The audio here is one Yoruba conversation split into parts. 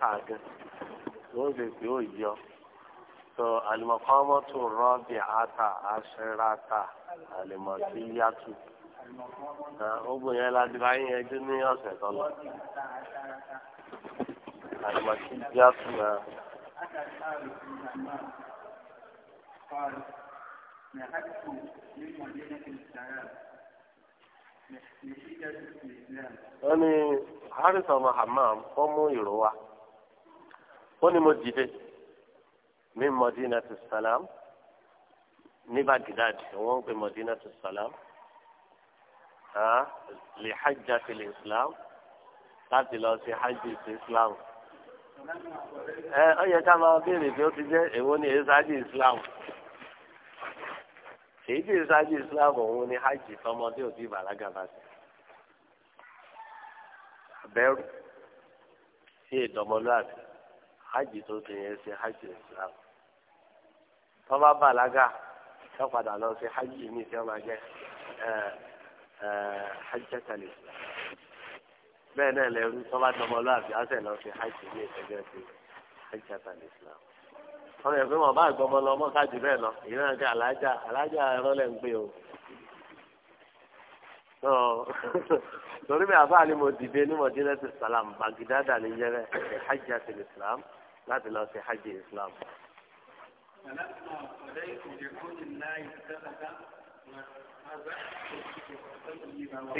kà gan wọ́n lè pé ó yọ tó alimọ̀kọ́mọ́tò rọ́bì ata aṣẹ́rata alimọ̀tí yàtù ogun yẹn la di báyìí ẹjọ́ ní ọ̀sẹ̀ tó lọ alimọ̀tí yàtù náà. wọ́n ní harrison muhammad kọ́ mú ó ní mo dìde ní mọdínà tó sàlám ní bagidad wọn ń pè mọdínà tó sàlám lè hajj àti lè islam láti lọ sí hajj sí islam ẹ ọ yẹ ká máa béèrè bí ó ti jẹ èwo ni èyí islam èyí tí ìsáájú islam òun ni hajj tọmọdé òbí bàlágà bá sí abẹ́rù sí ìdọ̀mọlúwàbí hajj tó ṣe yẹn ṣe hajj islam tọ́ba balaga tó padà lọ ṣe hajj mi tí wọ́n máa jẹ́ hajj tẹ̀lé bẹ́ẹ̀ náà lẹ́rú tọ́ba dọ́mọlú àbí àṣẹ lọ ṣe hajj mi ìṣẹ́jọ́ ṣe hajj tẹ̀lé islam tọ́lá ẹ̀fẹ́ wọn bá gbọmọ lọ mọ́ káàdì bẹ́ẹ̀ lọ èyí náà kí alájà alájà ẹ̀rọ lẹ̀ ń gbé o torí bí ni mo dìde ní mọ̀dínlẹ́sì sàlám bàgídádà ní yẹrẹ hajj tẹ̀lé islam. láti lọ sí hajj islam.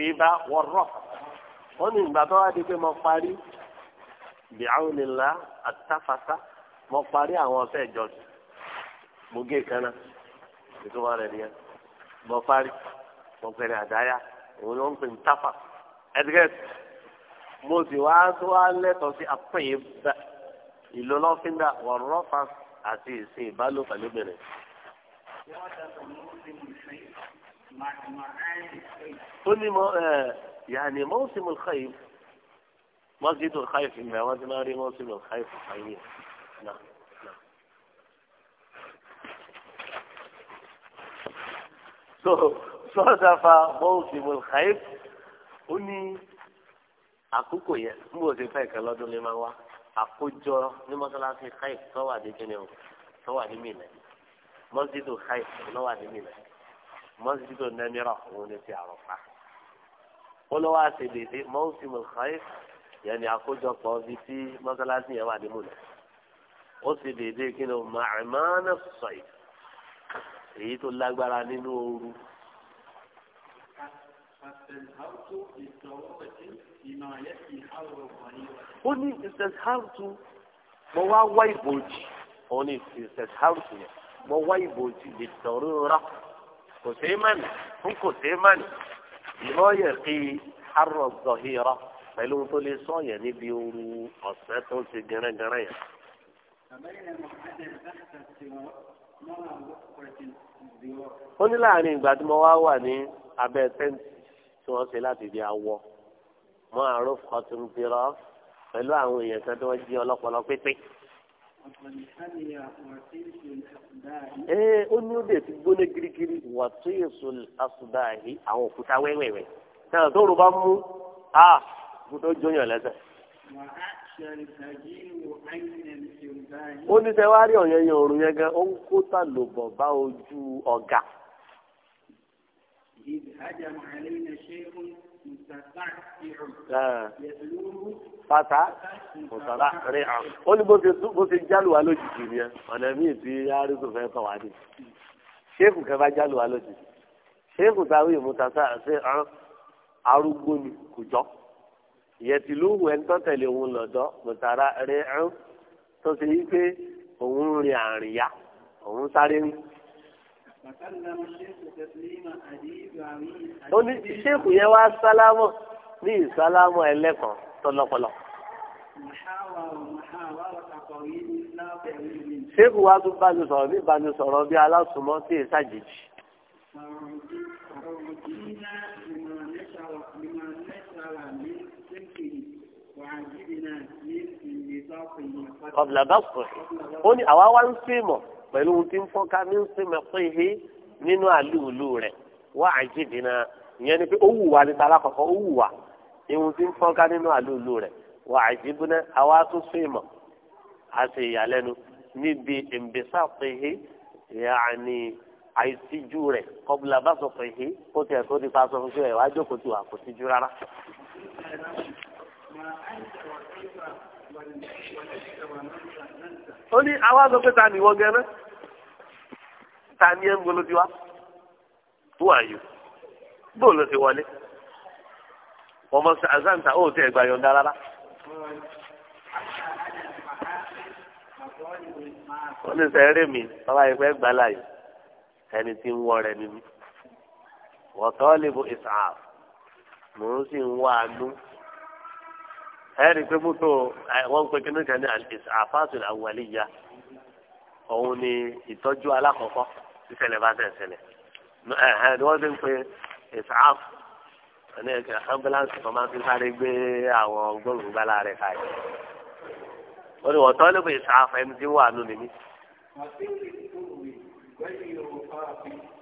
Ìbá wọ̀rọ̀. Wọ́n ní ìgbà tó wá di pé mo parí bìáwùnilá àtàfàtà mo parí àwọn ọ̀sẹ̀ ìjọsìn. Mo gé kaná. Ìtumọ̀ rẹ̀ nìyẹn. Mo parí. Mo pẹ̀lẹ́ àdáyà. Òun ló ń pè ní táfà. Ẹ̀dígẹ́sì. Mo sì wá tó wá lẹ́tọ̀ọ́ sí àpẹ̀yẹ bẹ́ẹ̀ ìlú lọ́fíńdà wọ̀rọ̀fà àti ìsìn ìbálò pẹ̀lú obìnrin. ó ní mọ yàní mọ́símù káyìf mọ́sídù káyìf ìgbà wọn ti máa rí mọ́símù káyìf káyìf náà. so sọ́dàfà mọ́símù káyìf ó ní àkókò yẹn ń bò ṣe fẹ́ kẹ́ máa wá àkójọ ní mọ́sálásí káì tọ́wà ní kíni o tọ́wà ní mìlẹ̀ mọ́sídò káì lọ́wà ní mìlẹ̀ mọ́sídò nẹ́mírà òun ní ti àròpá ó lọ́wọ́ àṣèdèdè mọ́símù káì yẹn ni àkójọpọ̀ ibi tí mọ́sálásí yẹn wà ní mùlẹ̀ ó sì dèdè kíni o màmá náà sọ̀yì èyí tó lágbára nínú ooru ó ní ìsẹ̀sáàrùtù mo wá wá ìbòjì ó ní ìsẹ̀sáàrùtù yẹn mo wá ìbòjì lè tọ̀rọ̀ rà kò sí mánì fún kò sí mánì ìmọ̀ yẹ kí arọ̀ zọ̀hìrà pẹ̀lú tó lè sọ yẹn níbi ooru ọ̀sẹ̀ tó ń ṣe gẹ́rẹ́gẹ́rẹ́ yẹn. ó ní láàrin ìgbà tí mo wá wà ní abẹ́ tẹ́ǹtì tí wọ́n ṣe láti di awọ mọ́ àrùn fọtún bírọ́ pẹ̀lú àwọn èèyàn kan tí wọ́n jí ọlọ́pọlọ pépé. ee ó ní ó dẹ̀ ti gbóná girigiri wà tó èso yìí àwọn òkúta wẹ́wẹ́wẹ́ náà tó rò bá mú a gbọdọ̀ jóyàn lẹ́sẹ̀. ó ní sẹ́wárí ọ̀yẹ́yẹ́ òru yẹn gan ó ń kó tà lòbọ̀ bá ojú ọ̀gà. إذ هجم علينا شيخ Fata Mùsàlá Rìhàn. Ó ní bó ṣe jálùwá lójijì ni ẹ, ọ̀nà míì tí Arísù fẹ́ sọ wá ní. Ṣéèkù kan bá jálùwá lójijì. Ṣéèkù táwí Mùsàlá ṣe hàn arúgbó ni kò jọ. Ìyẹ̀tìlú wẹ̀ ń tọ́tẹ̀lé òun lọ́dọ̀ Mùsàlá Rìhàn tó ṣe yí pé òun rìn àrìyá, òun sáré rìn ó ní ṣéèkù yẹn wá sálámọ̀ ní ìsálámọ̀ ẹlẹ́kan tó lọ́pọlọ. ṣéèkù wá tún bá ní sọ̀rọ̀ ní ìbáni sọ̀rọ̀ bí alásùnmọ́ tí èyí ṣàjèjì. ọ̀bùlà bá ó ní àwa wá ń sèmọ̀. pẹ̀lú ohun tí ń fọ́nká ní sèmẹ̀pẹ́ ihe nínú àlùlù rẹ̀ wá náà ìyẹn ni pé ó wù wá níta alákọ̀ọ́kọ́ ó ohun tí ń nínú àlùlù rẹ̀ wá àjìbìnà àwa tún sèmọ̀ a sì yàlẹ́nu níbi ihe àìsíjú rẹ̀ kọ́bùlà bá sọ ihe sọ fún wájú wà síjú rárá. ó ní àwa sọ pé ta ni ìwọ gẹ́rẹ́ ta ni ẹ̀ ń gbolo tiwa who are you bó ló ti wọlé ọmọ azanta ó ti ẹgbà yọ̀ǹda rárá. wọ́n ní sẹ́rẹ́ mi bàbá yìí fẹ́ gbà láàyè ẹni tí ń wọ́ rẹ̀ ni mí wọ́tọ́ lè bo mò ń sì ń wá àánú ẹ̀rí pé mọ́tò wọ́n ń pe kí nìkan ní àfáàtò àwàlíyà òun ni ìtọ́jú alákọ̀ọ́kọ́ sísẹ̀lẹ̀ bá tẹ̀ sẹ̀lẹ̀ ẹ̀hẹ́n ni wọ́n ti ń pe ìsáàf ní ẹ̀kẹ́ ambulance kan máa ń fi sáré gbé àwọn gbòòrò gbálá rẹ̀ káyọ̀ ó ní wọ́n tọ́ nípa ìsáàf ẹni tí wà nù nìyí.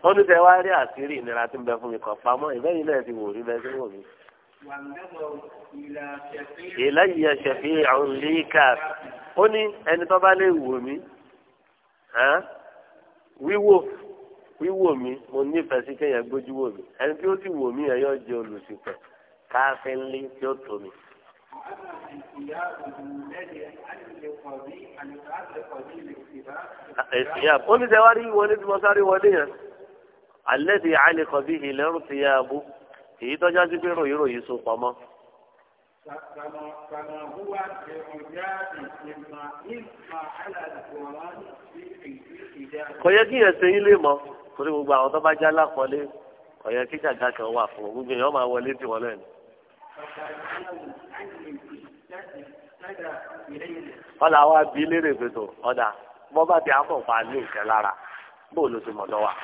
ó ní tẹ wá rí àṣírí ìnira tí ń bẹ fún mi kọ̀ pamọ́ ìbẹ́yìn náà ti wò rí bẹ́ẹ̀ tí wò mí ìlẹ́yìn ṣẹ̀fì àwọn líkà ó ní ẹni tó bá lè wò mí wíwò wíwò mí mo nífẹ̀ẹ́ sí kéèyàn gbójú wò mí ẹni tí ó sì wò mí yẹn yóò jẹ olùsìpẹ̀ káfíń lé tí ó tó mi. ó ní sẹ́wárí wọlé tí mo sáré wọlé yẹn alẹ́ ti àlè kọ̀ ìlẹ́rù ti yá a bú. èyí tọ́já sí pé ròyìn ròyìn so pamọ́. kò yẹ kí yẹn ṣe yín lè torí gbogbo àwọn tó bá já lápọ̀lé kí gàgà kan wà fún gbogbo èèyàn máa wọlé tì wọ́n lẹ́nu. ọ̀là wa bí lérè ọ̀dà bá ní lára bóòlù ti mọ̀ lọ́wọ́.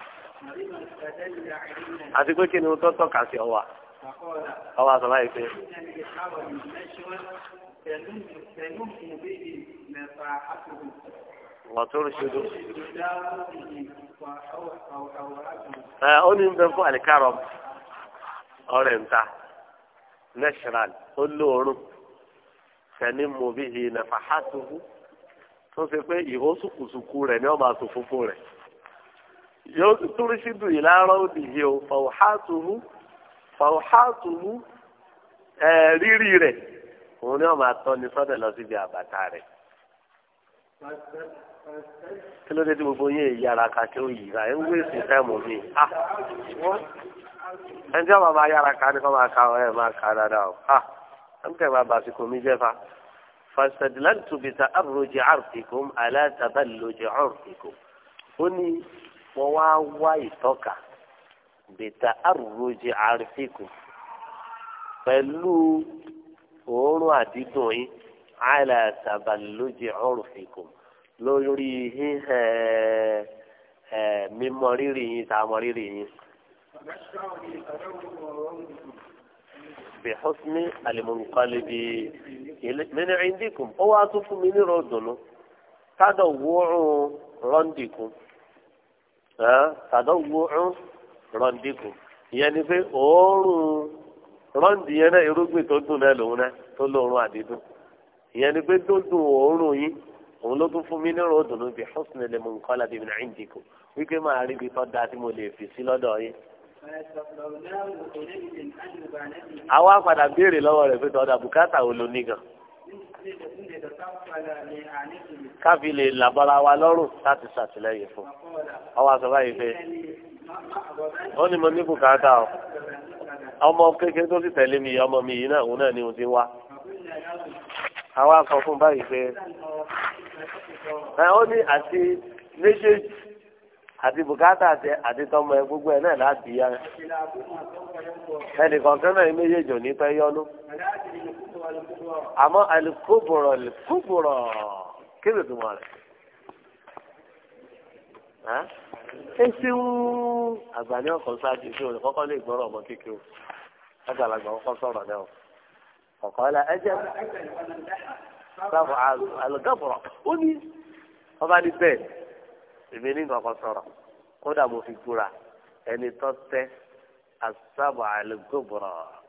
àti pé kí ni tó tọ́ka sí ọwà ọwà sọ láì pé. wọ́n tó rí ṣojú. ó ní bẹ fún àlìkárọ̀ ọrẹ nta nẹ́ṣẹ̀rán ó lóorùn tẹ̀lé mòbí yìí nàfàhàtúhù tó ṣe pé ìhó sùkùsùkù ni yóò túrú ṣídù yìí láàárọ̀ òdì yìí o fàwùhátùhù fàwùhátùhù rírì rẹ̀ òun ni wọ́n máa tọ́ ni sọ́dọ̀ lọ síbi àbàtà rẹ̀. kí ló dé tí gbogbo yín èyí ara ka kí ó yìí ra ẹ̀ ń wéèsì fẹ́ẹ̀mù mi. ẹni tí wọ́n máa yára ka ni kọ́ máa ka ẹ̀ máa ka dáadáa o. ẹni tí wọ́n máa bàtìkù mi jẹ́ fa. fàṣẹ̀dìlẹ́ntùbìtà àrùjẹ àrùtìkùm àlẹ́ tàbẹ́lùjẹ àrùtìkùm. ó ní wọ́n wá wá ìtọ́ka bìtà àrùrọ̀jì àrífíkù pẹ̀lú òórùn àdídùn yín àìlàtàbàlójì ọ̀rùfíkù lórí híhẹ́ ẹ̀ rírì yín tá a rírì yín. بحسن المنقلب من عندكم هو أتوفوا من ردنه تدوعوا رندكم tàdánwó rọ̀ǹdìkù ìyẹn pé òórùn rọ̀ǹdì yẹn náà irúgbìn tó dùn náà lòun náà tó lóorun àdídùn ìyẹn pé dúndùn oorun yín òun ló tún mi ní bí lè mú nǹkan láti ibìnrin máa rí ibi tó dáa tí mo lè fi sí lọ́dọ̀ àwa padà béèrè lọ́wọ́ rẹ̀ pé tọ́da bùkátà káfí lè làbọ́ra wa lọ́rùn láti ṣàtìlẹ́yìn fún ọwọ́ àṣọ báyìí pé ó ní mo ní bùkátà o ọmọ kékeré tó sì tẹ̀lé mi ọmọ mi yìí náà òun náà ni òun ti wá àwa sọ fún báyìí pé ó ní àti méjèèjì àti bùkátà àti tọmọ ẹ gbogbo ẹ náà láti yá ẹnìkan kan náà méjèèjì ò ní pẹ́ yọ́nú àmọ́ alikóbọ̀rọ̀ alikóbọ̀rọ̀ kébè tó máa rẹ̀ ẹ ṣeun àgbà ní ọkọ̀ ṣáájú tí o lè kọ́kọ́ lè gbọ́rọ̀ ọmọ kékeré àgbàlagbà kọ́kọ́ sọ̀rọ̀ náà ọ̀kọ́ ẹ̀la ẹ̀jẹ̀ sábà alùgábọ̀rọ̀ ó ní ọba ní bẹ́ẹ̀ èmi ní kọ́kọ́ sọ̀rọ̀ kódà mo fi gbúra ẹni tó tẹ́ asábà alùgábọ̀rọ̀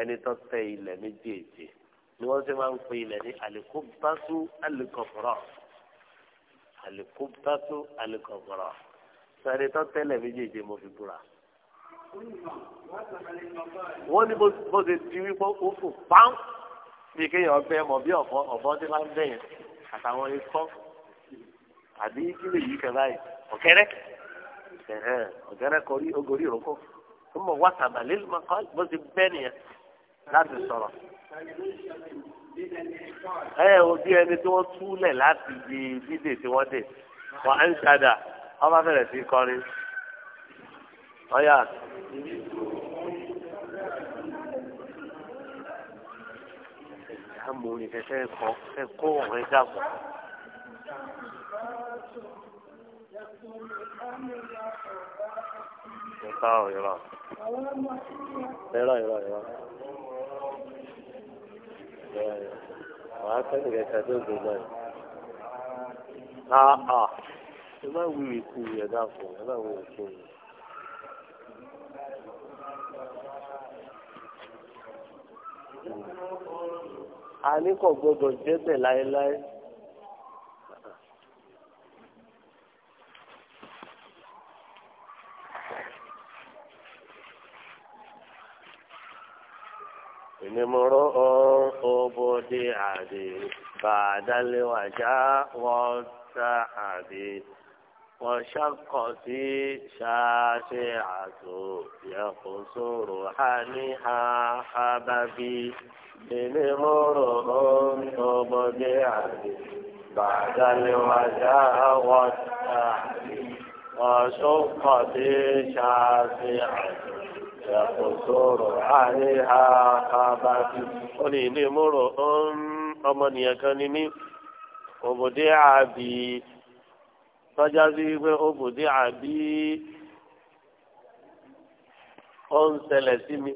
ẹni tó tẹ ilẹ̀ méjèèjì ni wọ́n ṣe máa ń pe ilẹ̀ ní alikóbátú alikọ̀fọ̀rọ̀ alikóbátú alikọ̀fọ̀rọ̀ sọ ẹni tó tẹ́lẹ̀ méjèèjì mo fi búra. wọ́n ní bó ṣe ti wípé ó fò pán bí kéèyàn ọgbẹ́ mọ̀ bí ọ̀fọ́ ọ̀fọ́ ti máa ń bẹ̀yẹn àtàwọn ikọ́ àbí kí lè yí kẹ báyìí ọ̀kẹ́rẹ́ ọ̀kẹ́rẹ́ kọrí ogori ìrókò ó mọ̀ wá tàbálẹ́ ló bó ṣe bẹ́ẹ̀ nìyẹn láti sọ̀rọ̀. ẹ ò bí ẹni tí wọ́n túlẹ̀ láti di dídè tí wọ́n dè wọ́n á ń ṣàdà wọ́n bá bẹ̀rẹ̀ sí kọrin. ọ̀yà. àmọ́ ìfẹ́fẹ́ kọ́ ẹ kó ọ̀rẹ́ dàgbọ́. Ìrọ̀ ìrọ̀ ìrọ̀. Ìrọ̀ ìrọ̀ ìrọ̀ àwọn akẹ́kọ̀ọ́ kẹta tó gbé náà. Àà ẹ má wí ikú yẹn dákun ẹ má wí ikú yẹn. A ní kò gbọdọ̀ jẹ́bẹ̀ láéláé. Èmi mo ọ́. القبض عدي بعد الوجاء والتعب وشقتي شاسعة يقصر حنيها حببي من مرهم قبض عدي بعد الوجاء والتعب وشقتي شاسعة يقصر عليها قبتي wọ́n ní ilé mọ́rọ̀ ọmọnìyàn kan ní mí òbòdé àbí tọ́já sí wípé òbòdé àbí ó ń ṣẹlẹ̀ sí mi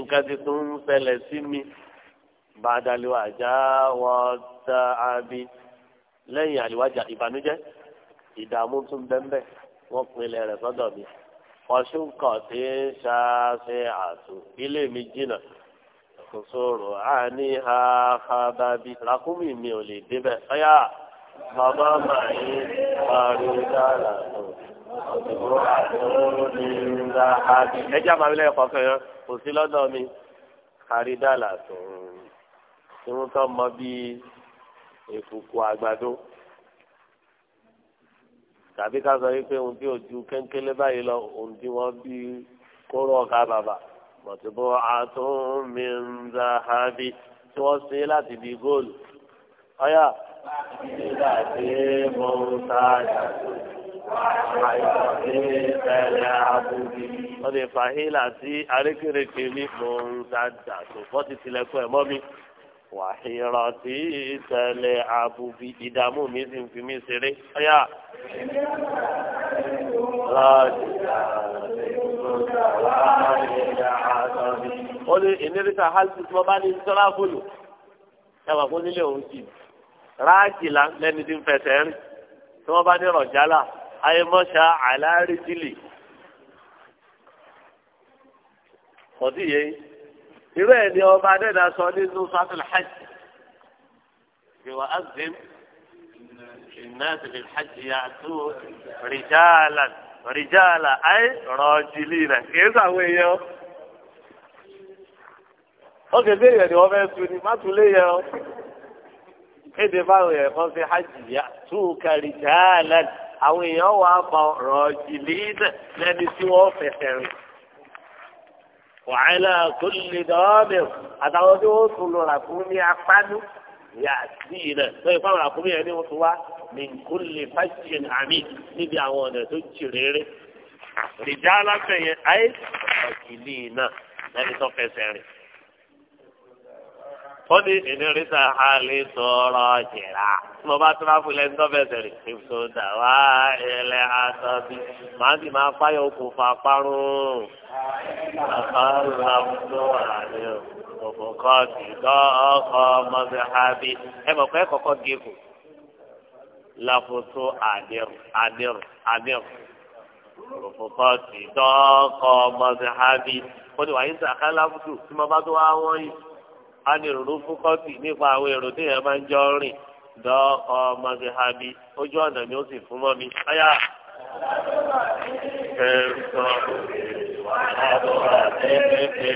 nǹkan ti tún ń ṣẹlẹ̀ sí mi bàdàlíwà já wọ́n ta àbí lẹ́yìn àlìwájà ìbànújẹ́ ìdààmú tún bẹ́ńbẹ́ wọ́n pinlẹ̀ rẹ̀ sọ́dọ̀ mi ọ̀ṣunkọ̀ tí ń ṣaṣe àtò ilé mi jìnnà kò sóró àní àfàbàbí làkúmì mi ò lè débẹ̀ ọ̀yà bàbá màáyé pariwo dára tó ọ̀dùnkún àtòrò ní ńlá àbí. ẹ jẹ́ àmàmì lẹ́yìn yẹn kò sí lọ́dọ̀ mi kárí dára tó ń tí wọ́n tọ́ mọ bí èkùkù àgbàdo tàbí ká sọ wípé ohun tí ojú kéńkélé báyìí lọ ohun tí wọ́n bí kóró ọ̀ka bàbà mọ̀tòbó àtúnmíńdáhábí tí wọ́n ṣe láti di góòlù. ọ̀yà. nígbà tí mo ń ta àjàkú àìsàn sí ìfẹ́lẹ́ àbúrí. wọ́n lè fàhílà sí arékèrèké ní mo ń ta àjàkú wọ́n ti tilẹ̀kùn ẹ̀ mọ́ mi wàhírọ̀tì tẹ̀lé àbùbí ìdààmú mi sì ń fi mí ṣeré. ọ̀yà. ó ní ìníríta hálsì tí wọ́n bá ní sọ́lá fòlù ẹ̀wà kó nílé òun jì ráàjì la lẹ́ni tí ń fẹsẹ̀ rìn tí wọ́n bá ní rọ̀jálà ayémọ́ṣá àlárí jìlì. kò sí yé irú ẹ̀ ni ọba adẹ́dà sọ nínú sọ́tún hajj ìwà azim ìnáàtì fi hajj yàtú rìjàlá rìjàlá ayé rọ̀jìlì rẹ̀ kìí sàwọn èèyàn ó kè dé ìyẹn ni wọ́n fẹ́ tu ni má tu lé yẹn o kéde báwọn yẹn kọ́ sí hajj yàtú kàrìjàlá àwọn èèyàn wà á bọ̀ rọ̀jìlì rẹ̀ lẹ́ni tí wọ́n fẹsẹ̀ rìn wàhálà tó lè dọ́ọ̀mẹ̀ àtàwọn tí wọ́n tún lọ ràkúnmí apánú yà sí ilẹ̀ tó ìfọ̀ ràkúnmí yẹn ni wọ́n tún wá min kulli fajjin àmì níbi àwọn ọ̀nà tó jì rere rìjà aláfẹ̀yẹ ayé ọ̀kìlì náà lẹ́ni tó fẹsẹ̀ rìn ó ní ìnírísà alẹ́ sọ̀rọ̀ jìrà tí mo bá tíráfù lẹ́nu tó bẹ̀sẹ̀ rè èso dàwa ilẹ̀ àtọ́bí màá sì máa fáyọ̀ okùn fà parun òfòkọ́ tìtọ́ ọkọ̀ mọ́sẹ̀hábí ẹ mọ̀ pé kọ̀kọ́ gígù láfoto àdìrù àdìrù àdìrù òfòkọ́ tìtọ́ ọkọ̀ mọ́sẹ̀hábí ó ní wàyí sàkálà fúdù tí mo bá tó wá wọ́n yìí. ani rúdú fúkọ́tì nípa àwọn èrò tí yẹn máa ń jọ rìn dọ́ ọmọdé ha ojú ọ̀nà ni ó sì fún mọ́ mi. Aya ẹ̀sọ́ ọ̀bùrọ̀ ẹ̀ẹ́dẹ́gbẹ̀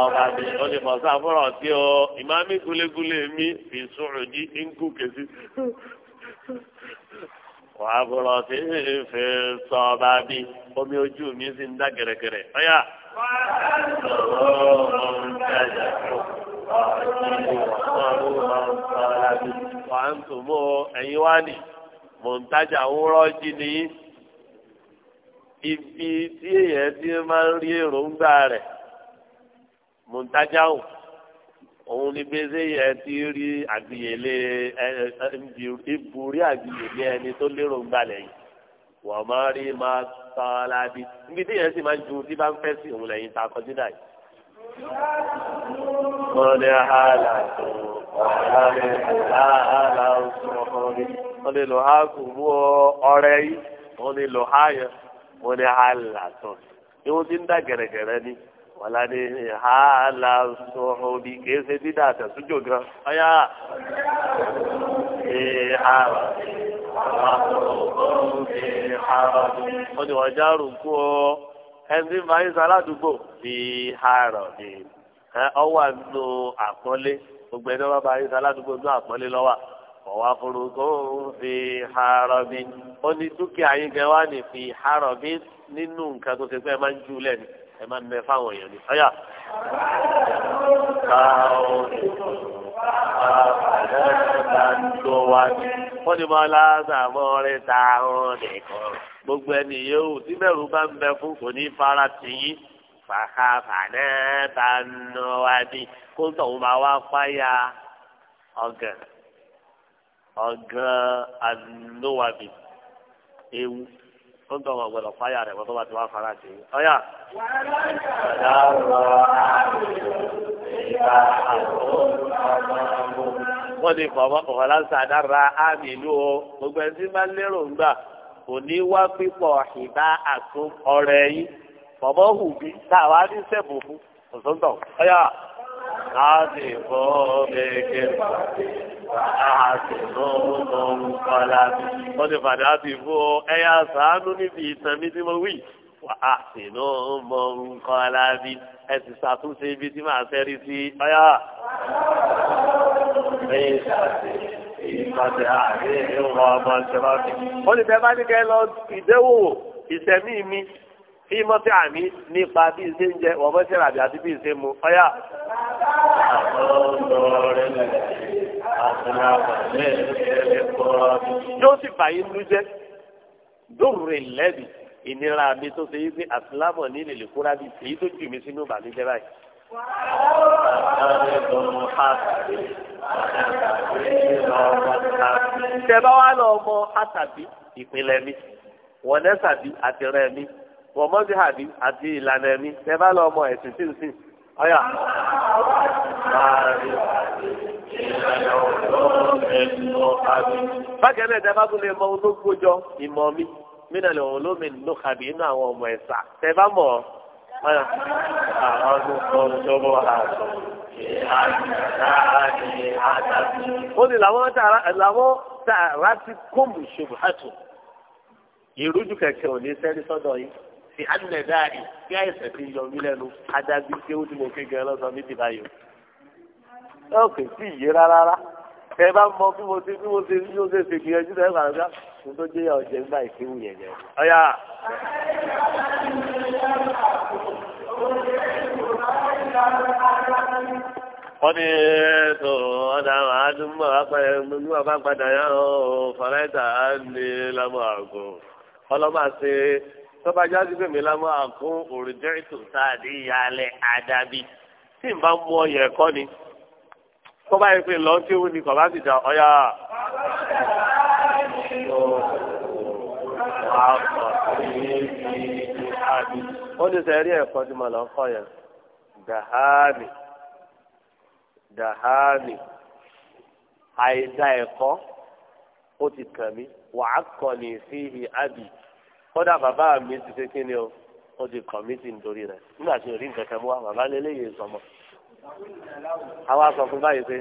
ọba mi. Ó lè mọ̀ sá fúnra tí o ìmáàmì gúlégúlé mi fi sùúrù ní ínkù kèsì. Wàá bọ̀rọ̀ sí ìfẹ́ sọ ọba mi. Omi ojú mi sì ń dá gẹ̀rẹ́gẹ̀rẹ́. wàhántùmọ́ ẹ̀yin wá ní mọ̀ntájà ń rọ́jí ní ibi tí èèyàn ti máa ń rí èròǹgbà rẹ̀ mọ̀ntájà ò òun ni gbèsè yẹn ti rí àgbìyèlé ìbúrí àgbìyèlé ẹni tó lérò ń gbalẹ̀ yìí wọ́n máa rí máa tọ́ ọ lábí níbi tí yẹn sì máa ju tí bá ń fẹ́ sí òun lẹ́yìn tá a kọjú dà yìí. lórí àhàlà wọ́n lè lò ọrẹ yìí wọ́n lò wọ́n ti ń ni wọ́n lá ní hàlà òṣùwọ̀n bí kìí ṣe àtẹ̀sújò gan ẹni máa ń sọ aládùúgbò fi àárọ̀ ni ọwọ́ àánú àpọ́nlé gbogbo ẹni wọn bá ń sọ aládùúgbò ní àpọ́nlé lọ́wọ́ ọ̀wá forúkọ ń fi àárọ̀ mi ó ní dúkìá yín gan wá ní fi àárọ̀ mi nínú nǹkan tó ṣe pé ẹ máa ń jú lẹ́nu ẹ máa ń mẹ fáwọn èèyàn ni. ọ̀yà wọ́n ní mọ́ lásàmọ́ rẹ̀ ta ọ̀rọ̀ nìkan gbogbo ẹni yóò tí bẹ̀rù bá ń bẹ fún kò ní fara tì í fàkà fàdé ta nù wá bí kó ń tọ̀hún máa wá fáyà ọ̀gàn ọ̀gàn ànúwàbí ewu tó ń dọ̀wọ̀ fáyà rẹ̀ wọ́n bá ti wá fara sí i. ọ̀yà. wọ́n ní fọwọ́ kọ̀ọ̀kan láti àdára àmì o gbogbo ẹni tí máa lérò ń gbà kò ní wá pípọ̀ ìbá àtún ọ̀rẹ́ yìí fọwọ́ hù bí táwa ní sẹ́bù fún òṣùntàn. ọ̀yà àdìbò méje àdìbò mọ̀nkọ́lá ó ti fàdé àdìbò ẹ̀yà sàánú níbi ìtàn mi tí mo wí wà á sì ló mọ nǹkan alábi ẹ sì ṣàtúnṣe ibi tí màá fẹ́rí sí ọyá. ó ní bẹ́ẹ̀ bá ní kẹ́ lọ ìdẹ́wò ìṣẹ̀mí mi fi mọ́tí àmì nípa bí n ṣe ń jẹ wọ́n mọ́tí àmì àti bí n ṣe mu ọ̀yà. yóò sì bàyí ń lújẹ́ dóòrè lẹ́bi ìnira mi tó ṣe yí pé àtìlámọ̀ ní lè lè kóra bí èyí tó jù mí sínú ìbànújẹ́ báyìí. tẹ bá wà lọ ọmọ àtàbí ìpínlẹ̀ mi wọ̀nẹ́sàbí àtìrẹ́ mi wọ́n mọ́sí àbí àti ìlànà ẹ̀mí tẹ bá lọ ọmọ ẹ̀sìn sí ìsìn ọ̀yà. bákan náà tẹ bá tún lè mọ ohun tó gbójọ ìmọ̀ mi mínà lè wọ́n lómi ló kàbí inú àwọn ọmọ ẹ̀sà tẹ bá mọ̀ ọ̀yà. àwọn ọdún tó bọ̀ àṣọ. ó ní làwọn tààrà ti kóòmù ṣubú hàtó ìrújú kẹ̀kẹ́ ò ní sẹ́rí sọ́dọ̀ yìí ti alẹ́ dáàrí kí àìsàn ti yọ mí lẹ́nu adágbé tí ó ti mọ̀ kí gan lọ́sàn mí ti bá yọ. ẹ ò kè sí ìyé rárá rá tẹ bá mọ bí mo ṣe bí mo ṣe bí mo ṣe ṣe gbìyànjú rẹ gbà gbà mo tó jẹ́ ọ̀jẹ̀ nígbà ìkéwù yẹn yẹn. ọ̀yà. wọ́n ní ètò ọ̀dà àdúgbò àpẹẹrẹ àbá padà yá ọ̀ fọlẹ́tà ní lámọ̀ àgọ́ ọlọ́mà ṣe tọ́ba jáde pé mi lámọ́ àkún òrìjẹ́rìtò sáàdì ìyálẹ̀ àdàbí tí n bá mú ọyẹ ẹ̀kọ́ ni tọ́ba yìí pé lọ́ọ́ tí ó ní kọ̀ bá ti dà ọ̀yà. wọ́n ti sẹ́rí ẹ̀kọ́ tí mo lọ kọ́ yẹn dàhámì dàhámì àìdá ẹ̀kọ́ ó ti kàn mí wàá kọ́ ni fíhi ábì. kódà bàbá mi ti ṣe kí ni o ó ti kọ̀mítì nítorí rẹ̀ nígbà tí orí nǹkan mú wa bàbá sọmọ. àwa sọ fún báyìí pé.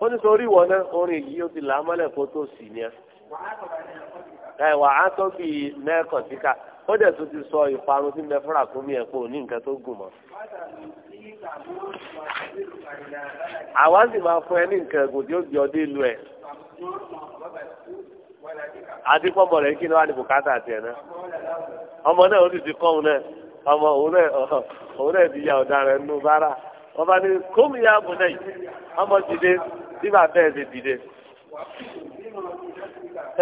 ó ní sọ orí náà orin yìí ó ti là á mọ́lẹ̀ kó tó sì ni ẹ sọ ìparun fún mi ẹ̀ pé òní nǹkan àwa sì máa fún ẹ ní nǹkan ẹ̀gùn tí ó gbé ọdún ìlú ẹ̀ àti rẹ̀ kí ni ní bùkátà tiẹ̀ náà ọmọ náà ó sì ti kọ́ òun náà ọmọ òun náà òun náà ti ya ọ̀daràn nù bára ọba ní kómi ya bù náà ọmọ dìde bí bẹ́ẹ̀ ti dìde.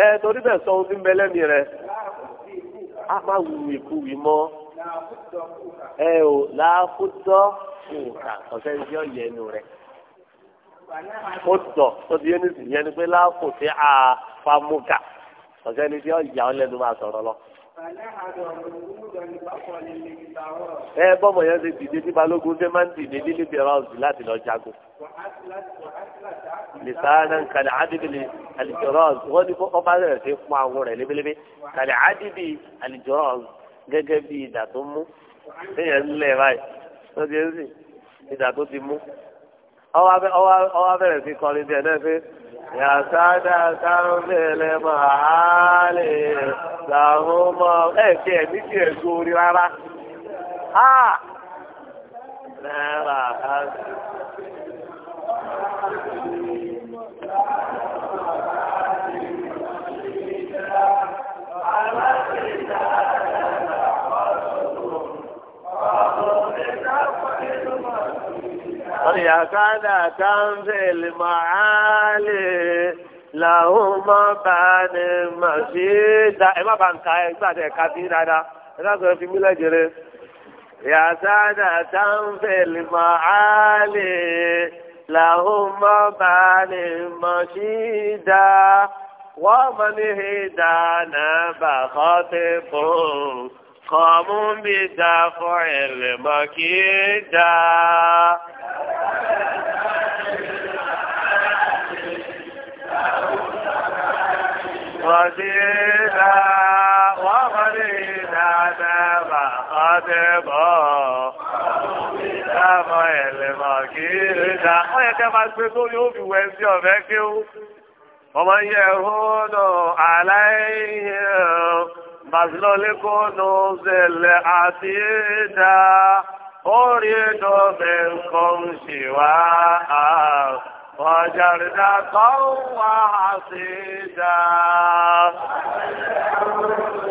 ẹ torí bẹ́ẹ̀ sọ ohun tí ń bẹ lẹ́mìí rẹ a máa nǹka ọ̀sẹ̀ ń jẹ́ ọ̀yẹ́ ẹnu rẹ̀ ó tọ̀ ó ti yé ní sìn ni pé láàpò tí a fa mú kà ọ̀sẹ̀ ni tí ọ̀yà ọlẹ́nu máa sọ̀rọ̀ lọ. ẹ bọ́mọ yẹn ti dìde tí balógun ṣe máa ń dìde nílé bí ọ̀rọ̀ ọ̀sìn láti lọ jagun. lisaanan kàlẹ́ ádìbìlì àlìjọ́rọ́ọ̀s wọ́n ní kó ọba rẹ̀ ṣe fún àwọn rẹ̀ lébelébe kàlẹ́ ádìbì àlìjọ́rọ́ọ̀s gẹ́gẹ́ bí ìdà tó mú ló ti ẹsìn ìdà tó ti mú ọwọ́ abẹ́rẹ́ sí kọrin díẹ̀ náà pé yàtàdà sáńbẹ̀lẹ̀ máa lè làwọn ọmọ ẹ̀ tí ẹ̀ ní tí ẹ̀ sórí rárá. náírà á sì. يكاد في المعالي لهما بان مسيدا إما بان كاي بعد كثير هذا هذا في ملا جري يا سادة في المعالي لهما بان مسيدا ومن هدانا بخطب قاموا بدفع المكيدا وجيدا وغريدا ما خطبا Àmọ́ ẹ̀lẹ̀ mọ̀ kí ìrìnà, ó yẹ kẹ́ máa gbé tó yóò fi wẹ̀ sí ọ̀fẹ́ kí ó. Ọmọ yẹ hóòdù aláìyẹ Bàtìlọ́lékónú ṣẹlẹ̀ àti وجرنا قوى عصيدا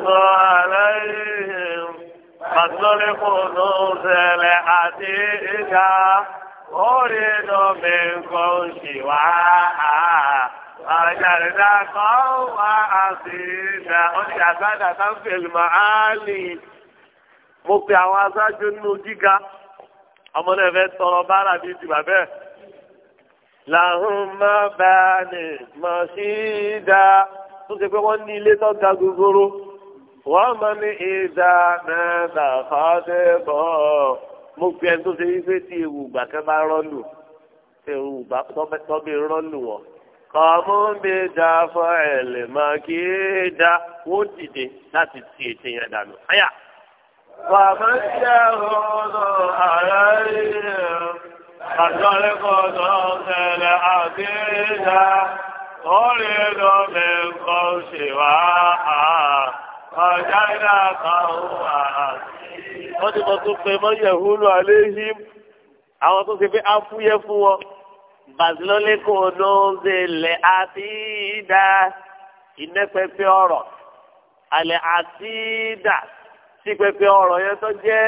وعليهم فصل قنوز الحديدة أريد منكم شواء وجرنا قوى عصيدا أريد أن تنفي المعالي mo pe àwọn aṣáájú nínú gíga ọmọ náà fẹ́ tọrọ bára bíi ti bàbá ẹ̀ làhùnmá báni mọ̀sídà tó ṣe pé wọ́n ní ilé tó ga gogoro wọ́n mọ ní ìdá mẹ́ta fàdé bọ̀ mo fi ẹni tó ṣe wípé tí ewu ìgbà kan bá rọ́lù tí ewu ìgbà tó bí wọ̀ kọ̀ọ̀mú mi dá fún ẹ̀lẹ́ mọ́ kí é wọ́n dìde láti ti ètè yẹn dànù. Wàmọ̀ ṣẹ́ ọ̀rọ̀ àárẹ̀ yẹn. فطلقت أوصل عبيدا أريد من قوس وعاء فجعل قوة wọ́n ti mọ̀ tó pé mọ́ yẹ̀húlù àléhìm àwọn tó ṣe pé á fúyẹ́ fún wọn bàtìlọ́lẹ́kọ̀ lóńzẹ̀lẹ̀ àtìdá ìnẹ́pẹ̀pẹ̀ ọ̀rọ̀ àlẹ́ àtìdá sí pẹ̀pẹ̀ ọ̀rọ̀ yẹn tó jẹ́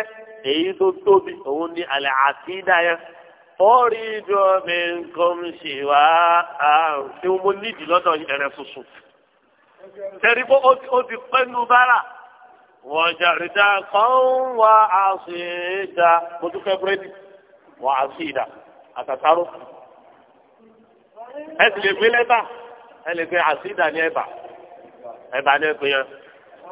èyí tó tóbi òun ni àlẹ́ àtìdá yẹn fọ́ọ̀rìdù mi nǹkan ṣì wá ṣé mo nídìí lọ́dọ̀ ẹ̀rẹ̀ funfun. Tẹ̀rí pé ó ti pẹ́nu bára. Wọ́n jàrìdá kan wá àṣìdá. Mo tún fẹ́ búrẹ́dì. Wọ́n àṣìdá. Àtàtàrò. Ẹ sì lè gbé lẹ́bà. Ẹ lè gbé àṣìdá ní ẹ̀bà. Ẹ̀bà ní ẹ̀gbẹ́ yẹn.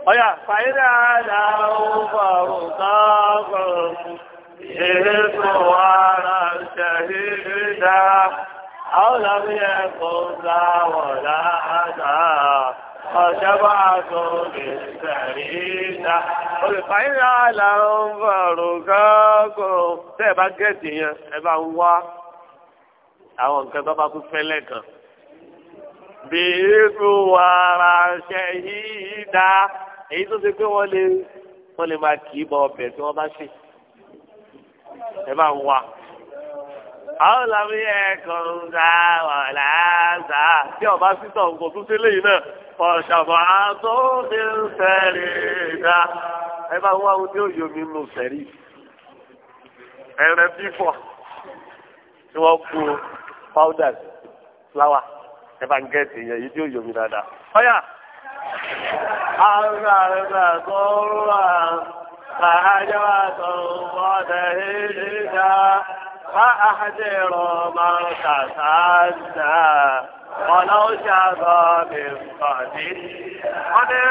Ọ̀yà fàyẹ́dà àdàrú fọ̀rùn kan إذ وانا شهيدا أو لم يكن ذا ولا أدا فشبعت بالسعيدة olùfàyín àlà ń bọ̀rọ̀ gáàgò tẹ́ ẹ bá gẹ̀ẹ́tì yẹn ẹ bá ń wá àwọn nǹkan tó bá kú fẹ́lẹ́ kan bí irú ara ṣe yìí dá èyí tó ṣe pé wọ́n lè máa kì í bọ tí wọ́n bá ṣe ẹ bá ń wá. àwọn làwọn yẹ kàn tí ọba sísọ nǹkan tó ṣe léyìn náà ọ̀ṣàbọ̀ àtó ti ń sẹ́rí dá ẹ bá wá ohun tí ó yomi nù sẹ́rí ẹrẹ fífọ̀ tí wọ́n kú powders flour ẹ yẹn èyí tí ó yomi dáadáa. ọ̀yà àwọn ará rẹ̀ náà kọ́ فهجوة وتهجدا فأحذر من تسدى ولو شفى من قدر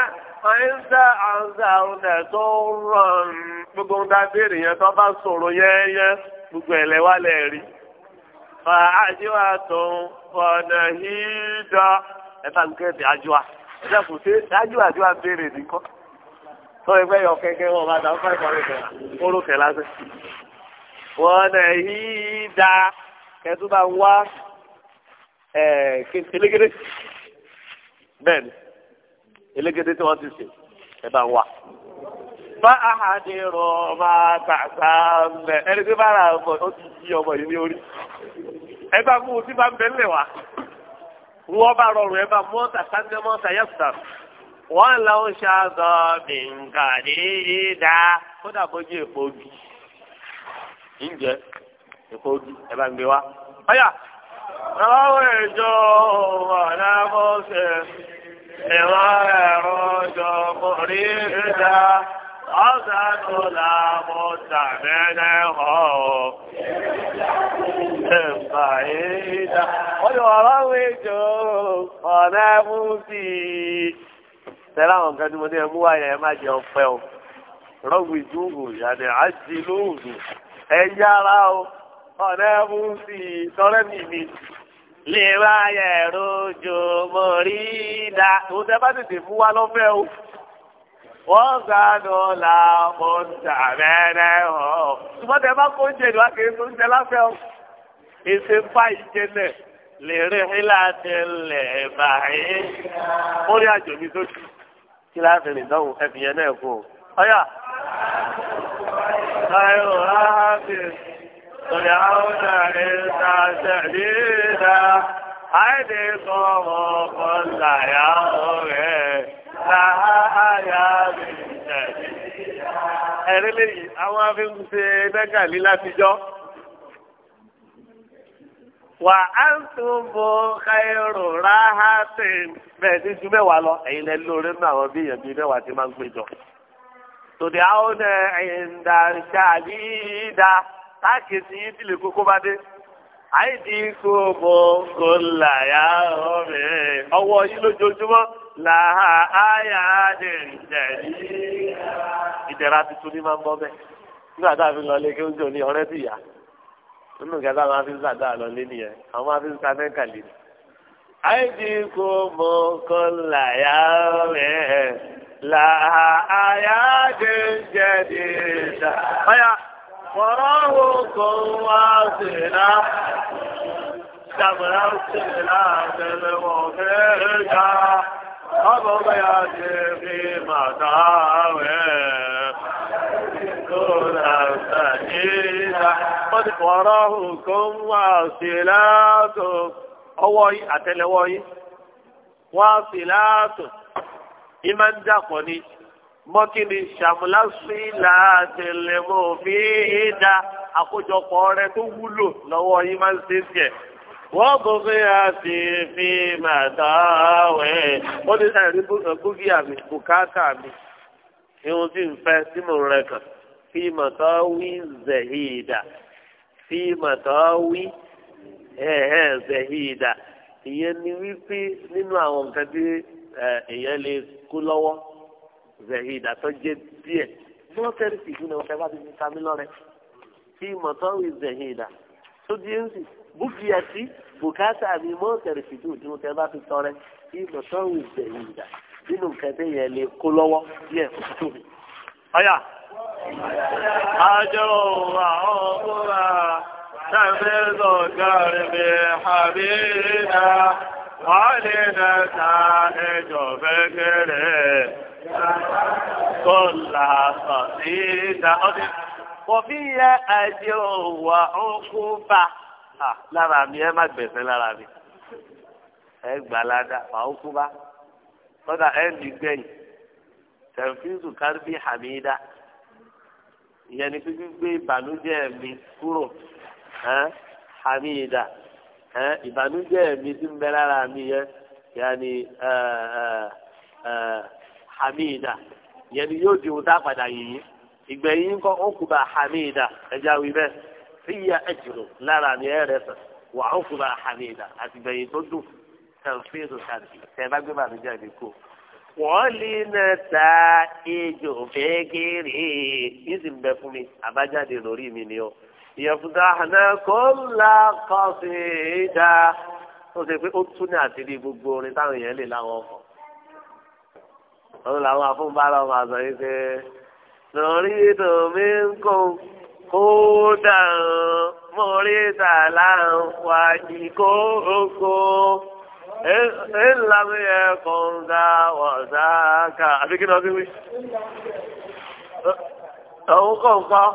Àìsá àǹsà ọ̀nà tó ń rọrùn gbogbo ń dábìrì yẹn tó bá sọ̀rọ̀ yẹ́yẹ́ gbogbo ẹ̀lẹ́ wà lẹ́rí. Fà ájíwá tó ń ọ̀nà tó ẹgbẹ́ yọ kẹ́kẹ́ wọn bá dáhùn fáìfọ́ rẹ̀ kẹ́ kóró kẹ́ lásán. wọ́n nà yí da kẹ́tù bá ń wá elégédé bẹ́ẹ̀ ni elégédé tí wọ́n ti sè ẹ bá ń wá. bá a hà ní rọ̀ máa tà sáà mẹ́ ẹni tó bá ra ọmọ ó ti yí ọmọ yìí ní orí. ẹ bá mú un tí bá ń bẹ́ẹ̀ lẹ̀ wá. wọ́n bá rọrùn ẹ bá mú ọ̀tà sáńdẹ́mọ́ta yẹ́sùtà. wọ́n lọ ṣàtọ̀ bìǹkà dídá kódà bójú èpo ogi ìjẹ́ èpo ogi ẹ bá ń gbé wa. ọ̀yà àwọn ìjọ ẹ̀rọ tó tàbẹ́lẹ̀ họ́ ọ̀nà tẹ́lá àwọn nǹkan tí mo ní ẹ mú wáyà ẹ má jẹ ọpẹ o rọ́gbì dùgù yàtọ̀ àti lóògù ẹ yára o ọ̀nà ẹ̀mú sí i tọ́lẹ́ mi mi lè wáyà ẹ̀rọ jò mọ̀ rí da òun tẹ́ bá tètè mú wá lọ́fẹ́ o wọ́n gbàdọ̀ la mọ̀ sàmẹ́rẹ́ ọ̀ ṣùgbọ́n tẹ́ bá kó jẹ̀ lọ́wọ́ kì í tó jẹ láfẹ́ o èsè bá ìjẹ náà lè rí hílà tẹ́lẹ̀ báyìí ó rí àjò mi tó ti kí láti ẹbí yẹn náà kú o. ọ̀yà. ayọ̀ sọ̀rọ̀ àwọn ọ̀dàrẹ̀ ṣàṣẹ̀lì rà àìdè sọ̀rọ̀ ọ̀kan làyà ọ̀rẹ́ làhà àyà mi ṣẹ̀lì rà. ẹ̀rí lè yí àwọn afi ń ṣe látijọ́ wà á ń tún bo ẹrù ráhà sí i. bẹ́ẹ̀ ní ju mẹ́wàá lọ ẹ̀yin lẹ lóore nínú àwọn bí èèyàn bíi mẹ́wàá ti máa ń péjọ. tòdì àwọn ẹ̀yìndà ṣáàbí ìdá táàkìtì yìí ti lè kókó bá dé. àìdí kò bọ̀ kò là yá ọ̀rẹ́ ọwọ́ yìí lójoojúmọ́ làhà áyà dẹ̀ ìdẹ̀rí. ìdẹ̀ra tuntun ní máa ń bọ́ bẹ́ẹ̀ nígbà tá a fi lọ lé kí oúnjẹ òní ọ̀rẹ́ ti yà nínú kẹta máa fi ń sàdá àlọ lé nìyẹn àwọn máa fi ń lé ní. kò mọ kọlà yá rẹ̀ là áyá dé dá. ọ̀yà kọ̀rọ̀ wo kò wá sí iná. Ìjàmbá tẹ̀lé wọ̀n fẹ́ẹ́ ká. Ọ̀bọ̀n bẹ́yà ti fi màtá rẹ̀. Kó làǹtà yìí náà laqad qara'ukum wasilatun ọwọ́ yìí àtẹlẹwọ́ yìí wasilatun ìmọ̀ ń dàpọ̀ ni mọ́kìnì ṣàmùlásí làtẹlẹmọ́ fi é da àkójọpọ̀ rẹ tó wúlò lọ́wọ́ yìí máa ń ṣe tiẹ̀ wọ́n gòkè àti fi màdáwẹ̀ ó ní ẹ̀rí búgíà mi bùkátà mi ihun tí n fẹ́ tí rẹ̀ kàn fi màdáwí zẹ̀hídà fi màtáwí ẹ̀hẹ́n zẹ̀hídà ìyẹn ni wípé nínú àwọn nǹkan tí èèyàn lè kú lọ́wọ́ zẹ̀hídà tó jẹ́ díẹ̀ mọ́tẹ́rì sì kí ni wọ́n fẹ́ bá ti fi ta mí lọ́rẹ́ fi màtáwí zẹ̀hídà tó di ẹ́nsì búkìá sí bùkátà mi mọ́tẹ́rì sì tó di wọ́n fẹ́ bá ti tọrẹ fi màtáwí zẹ̀hídà nínú nǹkan tí èèyàn lè kú lọ́wọ́ díẹ̀ tó tóbi. أجر وعمرا تفيض الكرب حبيبا علينا سائج فكره كل قصيدة وفي أجر وعقوبة lára mi ẹ má gbẹ̀sẹ̀ lára mi ẹ gbà ládà àwọn kú bá kọ́dà ẹ ní gbẹ̀yìn tẹ̀fíìsù kárí bí hàmídá. ìyẹn ni fífi gbé ìbànújẹ́ mi kúrò àmì ìdá ìbànújẹ́ mi ti ń bẹ lára mi yẹn yàní àmì ìdá ìyẹn ni yóò di ohun tá a padà yìnyín ìgbẹ̀yìn kọ́ ó bá àmì ìdá ẹja wí bẹ́ẹ̀ fíyà ẹ̀jìrò mi ẹ̀ rẹ̀ sàn wà ó kù bá àmì ìdá àtìgbẹ̀yìn tó dùn tẹ̀ bá gbé mi wọ́ọ̀lìnà ta ejò fẹ́kẹ̀rẹ́ yìí sì ń bẹ fún mi àbájáde lórí mi ni ọ. ìyẹ̀fùdà àná kò ń la kọ́sì dá ó ṣe pé ó tún ní àtìrí gbogbo orin táwọn èèyàn lè láwọn ọkọ̀. òun làwọn afúnbára ọmọ àzọ yìí ṣe lórí tòmí ń kó kó dàn mórí tàlà wájú kó kó ìlànà yẹ kàn dá ọ̀dà ká àbíkí náà wíwí. òun kò ń kọ́.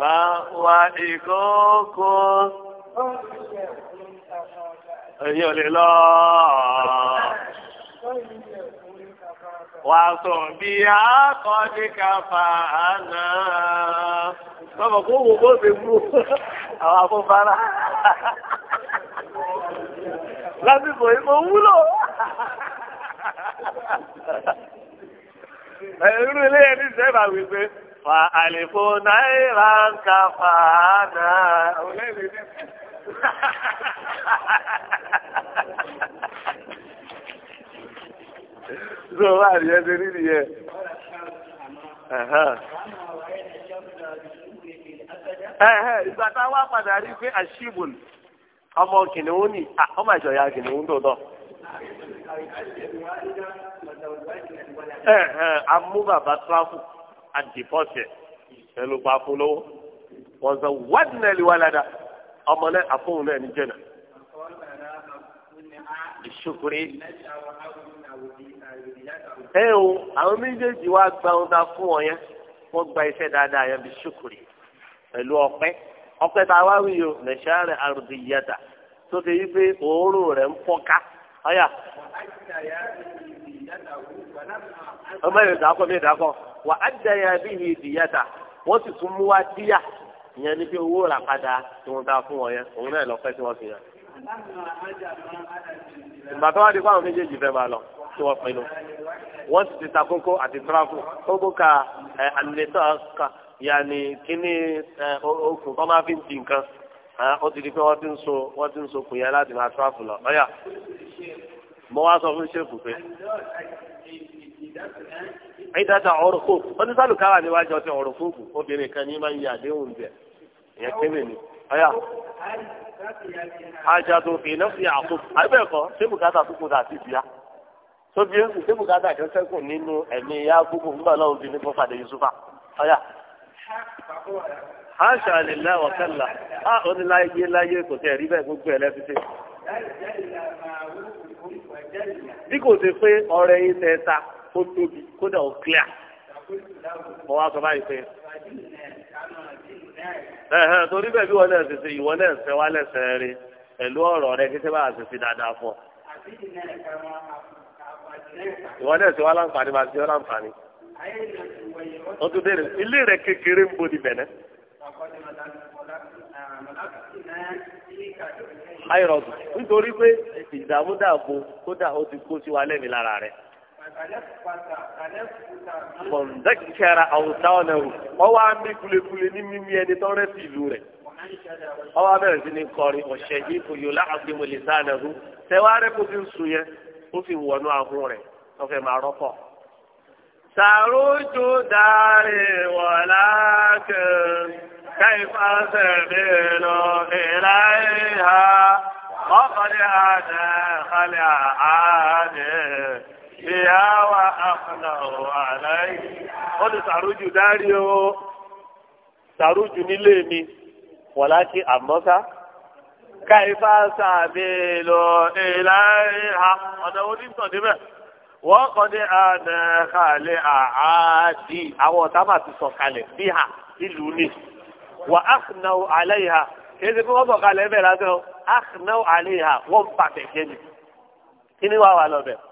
Wà wà ìkókó. Ẹ̀yin ò lè lọ wàásùn bí a kọ́ ní káfà àná. Bọ́bọ̀ kó wò bó ṣe mú àwọn afọ́fárá. Lásìkò ìmọ̀ wúlò. Irú ilé ẹni sẹ́bà wípé fa àlèfo náírà ń káfà àná. Àwọn olóyè lè dẹ́. so bá àdìyẹ ṣe rí nìyẹn. ìgbà tá a wá padà rí pé àṣìbùn ọmọ kìnìún ni ah, ọmọ ìṣọ̀yà kìnìún tó tọ̀. amúbàbà tíráfù àdìpọ̀tẹ̀ ẹlòpàá polówó wọ́n sọ wádìí náà lè wá ládàá ọmọ náà àfọ̀hún náà ní jẹ́nà. ṣùkúrí. ẹ o àwọn méjèèjì wá gba ohun tá a fún wọn yẹn wọ́n gba iṣẹ́ dáadáa yẹn bí ṣùkúrí pẹ̀lú ọpẹ́ ọpẹ́ tá a wá wí o lẹ̀ṣáàrẹ̀ àrùdìyàtà tó ti yí pé òórùn rẹ̀ ń fọ́ká ọ̀yà. ọmọ yìí dàkọ́ mi dàkọ́ wà á dẹ̀yà bí yìí dìyàtà wọ́n sì tún mú wá díyà ìyẹn ni pé owó rà padà tí wọ́n dá fún wọn yẹn òun náà lọ́pẹ́ tí wọ́n fi yàn. ìgbà tó wá di fáwọn méjèèjì fẹ́ máa lọ tí wọ́n pinnu wọ́n sì ti ta kókó àti ka Ẹ ka yàní kíní ẹ̀ okùn tó máa fi ń di nǹkan ó ti di pé wọ́n ti ń so wọ́n ti ń so kùn láti máa lọ lọ́yà mo wá sọ fún ṣéèkù pé ìdáta ọ̀rọ̀ fóòkù ó ní sálùkáwà níwájú ọtí ọ̀rọ̀ fóòkù obìnrin kan ní máa ń bẹ̀ ọ̀yà àjàdùn kì í lọ sí àkókò àbẹ̀kọ́ ṣé bùkátà tó kù dàtí bíyà tó bí ṣé bùkátà kan sẹ́kù nínú ẹ̀mí ya gbogbo nígbà náà obìnrin fàdé Yusufa ọ̀yà. ha lè lá ọ̀kẹ́là á òní láyé láyé kò tẹ̀ rí bẹ́ẹ̀ gbogbo ẹ̀ lẹ́fíṣẹ́. bí kò ṣe pé ọrẹ yín tẹ ta ó tóbi kódà ẹ̀hẹ̀ torí bẹ́ẹ̀ bí wọ́n náà ṣe ṣe ìwọ náà ṣe wá lẹ́sẹ̀ rí pẹ̀lú ọ̀rọ̀ rẹ kí sẹ́wà ṣe ṣe dáadáa fún ọ. ìwọ náà ṣe wá láǹfààní máa ṣe ọ́ láǹfààní. ó tún ilé rẹ kékeré ń kọ̀ǹdẹ́kẹ̀rẹ̀ àwùtáwọ̀nà o ọwọ́ á mí kulekule ní mímí ẹni tó rẹ́ sí ìlú rẹ̀ ọwọ́ abẹ́rẹ́ sí ni kọrin ọ̀sẹ̀ yìí kò yọ láàbí mo lè sáànà o tẹwárẹ́ kó ti ń sun yẹn ó sì wọnú ahun rẹ̀ wọ́n fẹ́ máa rọ́pọ̀. sàrójú dáre wọ̀lá kẹ́ẹ̀ káyìfà sẹ̀mí lọ ìlàyé ha ọkọ̀ ní àná kálí ìyá wa àfàlà ọ̀rọ̀ àlàyé ó ní sàrújù dárí o sàrújù nílé mi wọ́n láti àmọ́sá káyífà sàbí lọ ìlàrí ha ọ̀nà onísàn níbẹ̀ wọ́n kọ́ ní àná kàlẹ́ àádì àwọn ọ̀tá máa ti sọ̀kalẹ̀ bí ha ìlú ni wà áfìnà àlẹ́ ha kéde kí wọ́n sọ̀kalẹ̀ bẹ̀rẹ̀ lásán áfìnà àlẹ́ wọ́n bàtẹ̀ jẹ́ ni kí ni wàá wà lọ bẹ̀rẹ̀.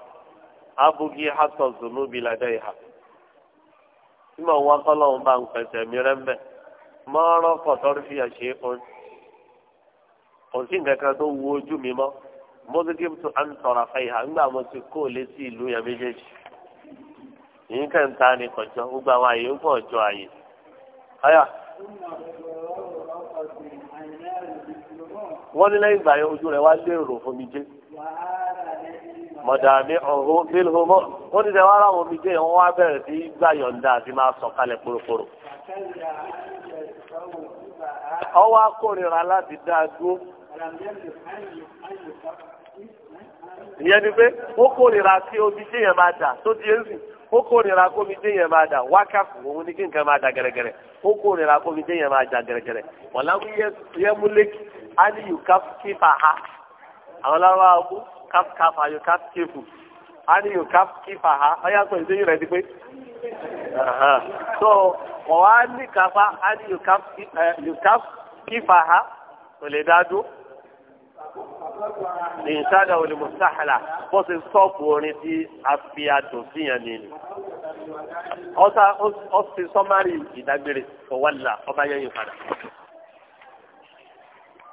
abụghị hatọ zunu bi la dẹ́yì ha tí mo wá kọ́lọ́hún bá ń pẹ̀sẹ̀ mi rẹ́ mbẹ́ fi kan wu ojú mi mọ́ mọ́tòkìm tó à ń tọ̀rọ̀ ti ilu ya ìlú yẹn méjèèjì yìí kọjọ gbogbo àwọn ụgbọ ń anyị. Aya. Wọ́n ní ìgbà yẹn ojú wá fún mi mọ̀dàmí ọ̀hún bílhùmọ́ ó ti tẹ̀ wá láwọn omi dé wọn wá bẹ̀rẹ̀ sí gbà yọ̀ǹda àti máa sọ̀ kalẹ̀ kúrúkúrú. ọwọ́ akórira láti dá a dúró. ìyẹn ni pé ó kórira kí omi dé yẹn máa dà tó di èsì ó kórira kó omi dé yẹn máa dà wákàtí òun ni kí nǹkan máa dà gẹ̀rẹ́gẹ̀rẹ́ ó kórira kó omi yẹn máa dà gẹ̀rẹ́gẹ̀rẹ́ wọ́n láwọn yẹmúlẹ́kì á ní yùká kífà ha àwọn láwọn abú cap kafa yóò cap kéfù ah, a you yóò cap kífà ha ọyá pẹ̀lú sí rẹ̀ ti pé so wọ́n wá ní kafa a ní yóò cap kífà ha le lè dá dúró ìṣáda olè mùsáhàlà stop ṣe sọ́ọ̀pù orin tí a fi o síyàn nínú. ọ̀sà ọ̀sìn sọ́márì ìdágbére ọ̀wálà ọba yẹn yìí padà.